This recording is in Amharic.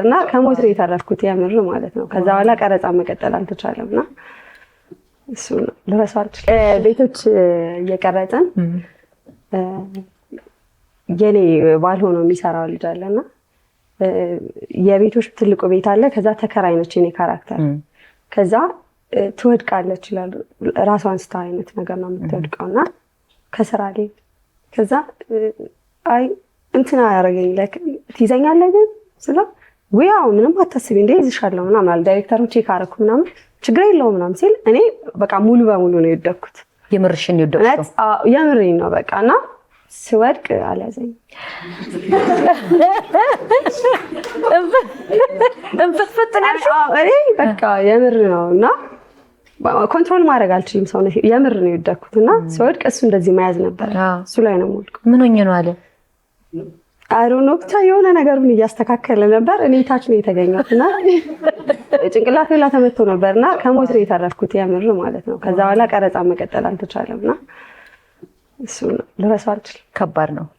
እና ከሞት ነው የተረፍኩት የምር ማለት ነው። ከዛ በኋላ ቀረጻ መቀጠል አልተቻለም እና እሱ ነው ልረሳው አልችልም። ቤቶች እየቀረጽን የኔ ባልሆነው የሚሰራው ልጅ አለና የቤቶች ትልቁ ቤት አለ። ከዛ ተከራይ ነች የኔ ካራክተር። ከዛ ትወድቃለች ይላሉ። ራሷን ስታ አይነት ነገር ነው የምትወድቀው እና ከስራ ላይ ከዛ አይ እንትና ያደረገኝ ትይዘኛለህ ግን ስለው ያው ምንም አታስቢ እንደ ይዝሻለሁ ምናምን አለ ዳይሬክተሩን ቼክ አደረኩ ምናምን ችግር የለውም ምናምን ሲል እኔ በቃ ሙሉ በሙሉ ነው የወደኩት። የምርሽን የወደኩት የምሬን ነው በቃ እና ስወድቅ አልያዘኝም። እኔ በቃ የምር ነው እና ኮንትሮል ማድረግ አልችልም። ሰው የምር ነው የወደኩት እና ስወድቅ እሱ እንደዚህ መያዝ ነበር። እሱ ላይ ነው ሞልኩ። ምን ሆኜ ነው አለ አሩን ወቅታ የሆነ ነገሩን እያስተካከለ ነበር። እኔ ታች ነው የተገኘሁት እና ጭንቅላት ላ ተመቶ ነበር እና ከሞት ነው የተረፍኩት የምር ማለት ነው። ከዛ በኋላ ቀረጻ መቀጠል አልተቻለም እና እሱ ልረሳው አልችልም። ከባድ ነው።